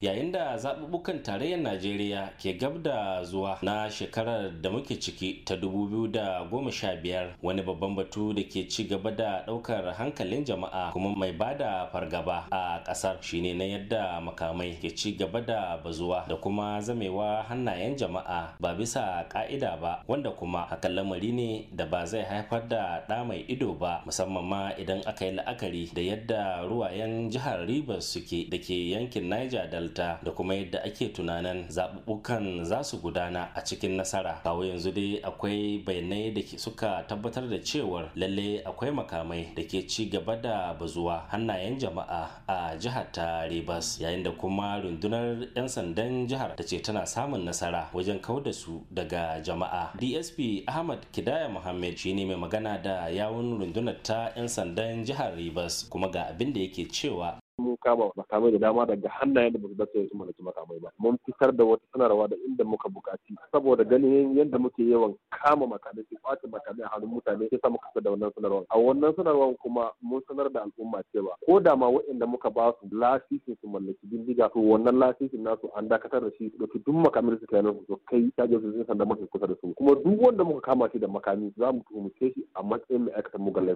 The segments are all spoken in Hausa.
yayin da zaɓuɓɓukan tarayyar najeriya ke gab da zuwa na shekarar da muke ciki ta 2015 wani babban batu da ke ci gaba da ɗaukar hankalin jama'a kuma mai ba da fargaba a ƙasar shine na yadda makamai ke ci gaba da bazuwa da kuma zamewa hannayen jama'a ba bisa ƙa'ida ba wanda kuma hakan lamari ne da ba zai haifar da ɗa mai ido ba musamman ma idan aka yi la'akari da yadda ruwayen jihar rivers suke da ke yankin niger hankalinta da kuma yadda ake tunanin zaɓuɓɓukan za su gudana a cikin nasara kawo yanzu dai akwai bayanai da suka tabbatar da cewar lalle akwai makamai da ke ci gaba da bazuwa hannayen jama'a a jihar ta ribas yayin da kuma rundunar 'yan sandan jihar ta ce tana samun nasara wajen kau da su daga jama'a dsp ahmad kidaya muhammad shine mai magana da yawun rundunar ta 'yan sandan jihar ribas kuma ga abin da yake cewa mun kama makamai da dama daga hannayen da ba su dace su mallaki makamai ba mun fitar da wata sanarwa da inda muka bukaci saboda ganin yadda muke yawan kama makamai su kwace makamai a hannun mutane sai sa muka fitar da wannan sanarwar a wannan sanarwar kuma mun sanar da al'umma cewa ko da ma waɗanda muka ba su lasisin su mallaki bindiga to wannan lasisin nasu an dakatar da shi su duk makamai su kai su kai ta je su sanda muke kusa da su kuma duk wanda muka kama shi da makami za mu tuhumce shi a matsayin mai aikata mugan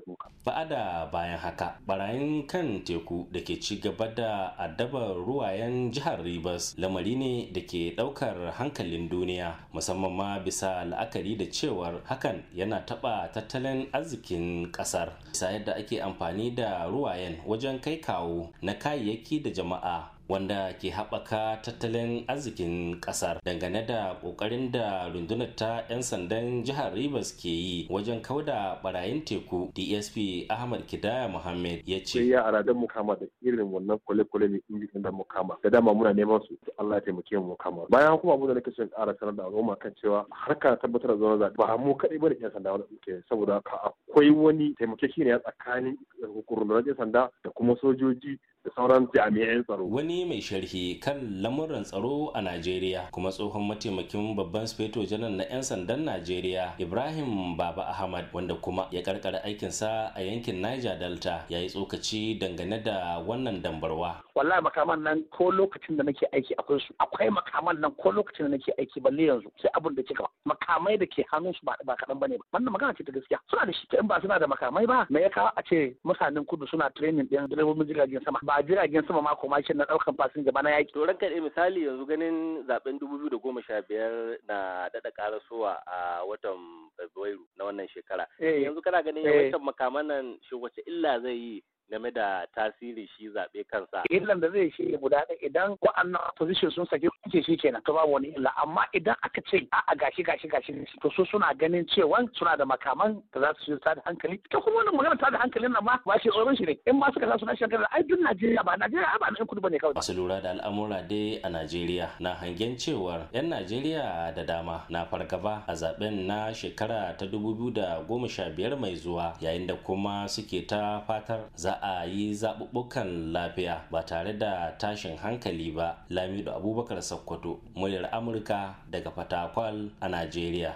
ba da bayan haka barayin kan teku da ke ci ci gaba da addabar ruwayen jihar Rivers lamari ne da ke daukar hankalin duniya musamman ma bisa la'akari da cewar hakan yana taba tattalin arzikin kasar bisa yadda ake amfani da ruwayen wajen kai kawo na kayayyaki da jama'a wanda ke haɓaka tattalin arzikin ƙasar dangane da ƙoƙarin da rundunar ta 'yan sandan jihar Rivers ke yi wajen da barayin teku DSP Ahmad Kidaya Muhammad ya ce. ya aradar mu da irin wannan kwale-kwale ne injin da da dama muna neman su Allah ya taimake mu mukama Bayan kuma abu da nake son ƙara sanar da al'umma kan cewa harka tabbatar da zaman zaɓe ba mu kaɗai da 'yan sanda wanda ɗauke saboda akwai wani taimakekeniya tsakanin rundunar 'yan sanda da kuma sojoji da sauran jami'an tsaro. Wani mai sharhi kan lamuran tsaro a Najeriya kuma tsohon mataimakin babban sufeto janar na 'yan sandan Najeriya Ibrahim Baba Ahmad wanda kuma ya karkara aikinsa a yankin Niger Delta ya yi tsokaci dangane da wannan dambarwa. Wallahi makaman nan ko lokacin da nake aiki akwai su akwai makaman nan ko lokacin da nake aiki balle yanzu sai abin da kika makamai da ke hannun su ba kaɗan bane ba wannan magana ce ta gaskiya suna da shi in ba suna da makamai ba me ya kawo a ce mutanen kudu suna training ɗin direbobin jiragen sama ba jiragen sama mako mashin na ɗaukan fasinja ba na yaƙi. Turan ranka misali yanzu ganin sha biyar na daɗa ƙarasowa a watan fabrairu na wannan shekara eh. yanzu kana ganin eh. yawancin makaman nan shi wace illa zai yi game da tasiri shi zaɓe kansa. Illan da zai shi guda ɗaya idan wa'annan opposition sun saki kuke shi kenan to babu wani illa amma idan aka ce a gashi gashi gashi to su suna ganin cewa suna da makaman da za su ta da hankali ta kuma wannan magana ta da hankalin nan ma ba shi tsoron shi ne in ma suka sa su na hankali ai duk Najeriya ba Najeriya ba na kudu bane kawai. Masu lura da al'amura dai a Najeriya na hangen cewar 'yan Najeriya da dama na fargaba a zaben na shekara ta 2015 mai zuwa yayin da kuma suke ta fatar za a yi zaɓuɓɓukan lafiya ba tare da tashin hankali ba lamido abubakar sakkwato muryar amurka daga fatakwal a najeriya